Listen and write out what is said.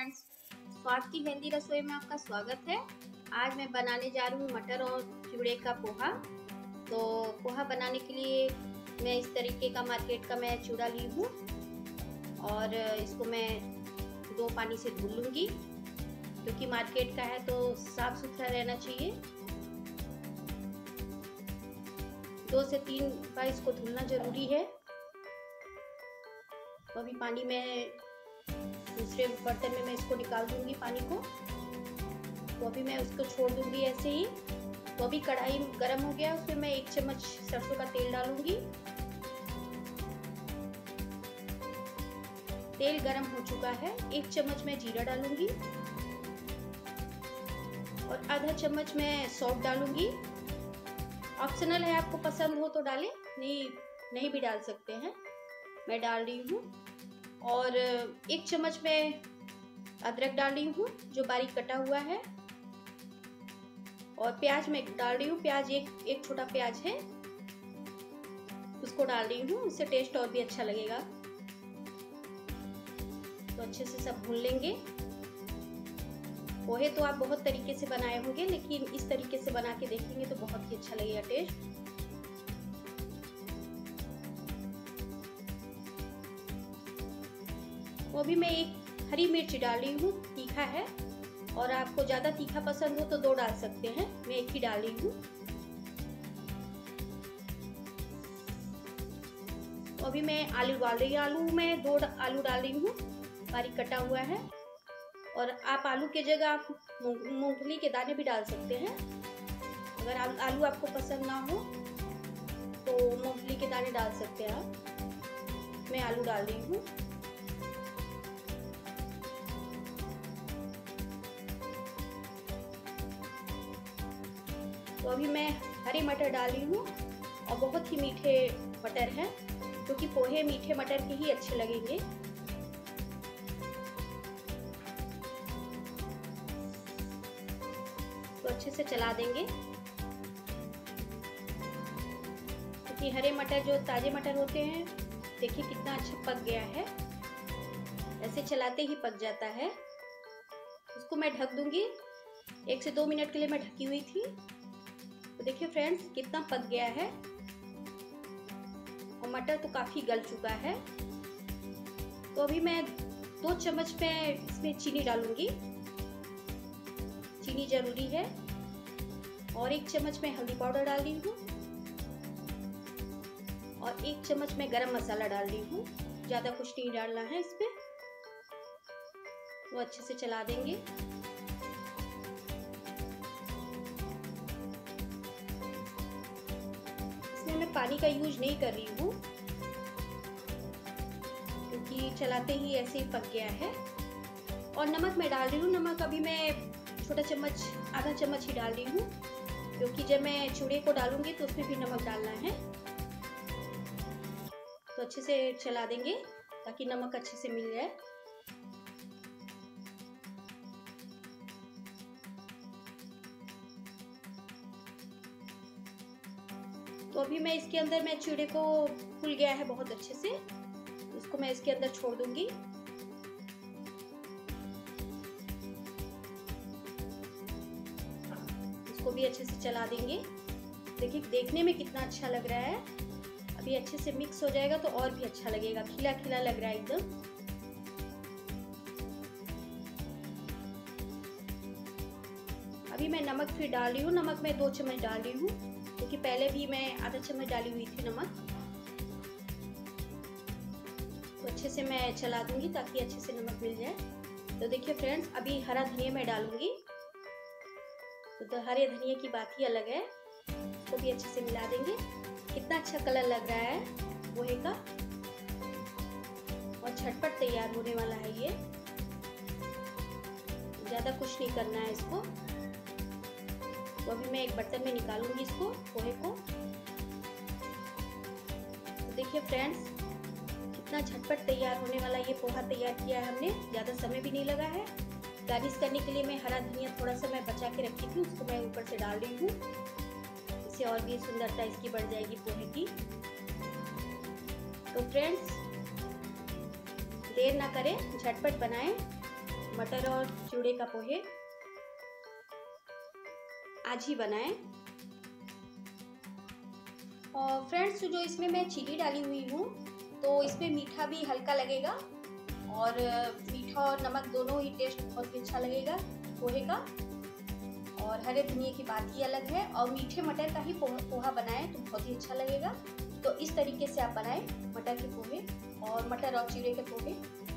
friends स्वाद की मेहंदी रसोई में आपका स्वागत है आज मैं बनाने जा रही हूँ मटर और चूड़े का पोहा तो पोहा बनाने के लिए मैं इस तरीके का मार्केट का मैं चूड़ा ली हूँ और इसको मैं दो पानी से धुल लूँगी क्योंकि तो मार्केट का है तो साफ़ सुथरा रहना चाहिए दो से तीन बार इसको धुलना ज़रूरी है तो अभी पानी में दूसरे बर्तन में मैं इसको निकाल दूंगी पानी को तो अभी मैं उसको छोड़ दूंगी ऐसे ही तो अभी कढ़ाई गर्म हो गया उसमें मैं एक चम्मच सरसों का तेल डालूंगी तेल गरम हो चुका है एक चम्मच मैं जीरा डालूंगी और आधा चम्मच मैं सौंफ डालूंगी ऑप्शनल है आपको पसंद हो तो डालें नहीं नहीं भी डाल सकते हैं मैं डाल रही हूँ और एक चम्मच में अदरक डाल रही हूँ जो बारीक कटा हुआ है और प्याज में डाल रही हूँ प्याज एक एक छोटा प्याज है उसको डाल रही हूँ उससे टेस्ट और भी अच्छा लगेगा तो अच्छे से सब भून लेंगे पोहे तो आप बहुत तरीके से बनाए होंगे लेकिन इस तरीके से बना के देखेंगे तो बहुत ही अच्छा लगेगा टेस्ट वो भी मैं एक हरी मिर्च डाली हूँ तीखा है और आपको ज़्यादा तीखा पसंद हो तो दो डाल सकते हैं मैं एक ही डाली हूँ तो अभी मैं आलू डाल रही आलू में दो आलू डाल रही हूँ बारीक कटा हुआ है और आप आलू की जगह आप मूंगफली के दाने भी डाल सकते हैं अगर आप आलू आपको पसंद ना हो तो मूंगफली के दाने डाल सकते हैं आप मैं आलू डाल रही हूँ तो अभी मैं हरे मटर डाली हूँ और बहुत ही मीठे मटर हैं क्योंकि तो पोहे मीठे मटर के ही अच्छे लगेंगे तो अच्छे से चला देंगे क्योंकि तो हरे मटर जो ताज़े मटर होते हैं देखिए कितना अच्छा पक गया है ऐसे चलाते ही पक जाता है इसको मैं ढक दूंगी एक से दो मिनट के लिए मैं ढकी हुई थी तो देखिए फ्रेंड्स कितना पक गया है और मटर तो काफ़ी गल चुका है तो अभी मैं दो चम्मच में इसमें चीनी डालूंगी चीनी ज़रूरी है और एक चम्मच में हल्दी पाउडर डाल रही हूँ और एक चम्मच में गरम मसाला डाल रही हूँ ज़्यादा कुछ नहीं डालना है इसमें वो अच्छे से चला देंगे पानी का यूज नहीं कर रही हूँ क्योंकि चलाते ही ऐसे ही पक गया है और नमक मैं डाल रही हूँ नमक अभी मैं छोटा चम्मच आधा चम्मच ही डाल रही हूँ क्योंकि जब मैं चूड़े को डालूंगी तो उसमें भी नमक डालना है तो अच्छे से चला देंगे ताकि नमक अच्छे से मिल जाए तो अभी मैं इसके अंदर मैं चूड़े को खुल गया है बहुत अच्छे से इसको मैं इसके अंदर छोड़ दूंगी इसको भी अच्छे से चला देंगे देखिए देखने में कितना अच्छा लग रहा है अभी अच्छे से मिक्स हो जाएगा तो और भी अच्छा लगेगा खिला खिला लग रहा है एकदम अभी मैं नमक फिर डाल रही हूँ नमक मैं दो चम्मच डाल रही हूँ क्योंकि पहले भी मैं आधा चम्मच डाली हुई थी नमक तो अच्छे से मैं चला दूंगी ताकि अच्छे से नमक मिल जाए तो देखिए फ्रेंड्स अभी हरा धनिया मैं डालूंगी तो, तो हरे धनिया की बात ही अलग है तो भी अच्छे से मिला देंगे कितना अच्छा कलर लग रहा है पोहे का और झटपट तैयार होने वाला है ये ज़्यादा कुछ नहीं करना है इसको तो अभी मैं एक बर्तन में निकालूंगी इसको पोहे को तो देखिए फ्रेंड्स कितना झटपट तैयार होने वाला ये पोहा तैयार किया है हमने ज़्यादा समय भी नहीं लगा है गार्निश करने के लिए मैं हरा धनिया थोड़ा सा मैं बचा के रखी थी उसको मैं ऊपर से डाल रही हूँ इससे और भी सुंदरता इसकी बढ़ जाएगी पोहे की तो फ्रेंड्स देर ना करें झटपट बनाएं मटर और चूड़े का पोहे आज ही बनाएं और फ्रेंड्स जो इसमें मैं चीनी डाली हुई हूँ तो इसमें मीठा भी हल्का लगेगा और मीठा और नमक दोनों ही टेस्ट बहुत ही अच्छा लगेगा पोहे का और हरे धनिया की बात ही अलग है और मीठे मटर का ही पोहा बनाएं तो बहुत ही अच्छा लगेगा तो इस तरीके से आप बनाएं मटर के पोहे और मटर और चीरे के पोहे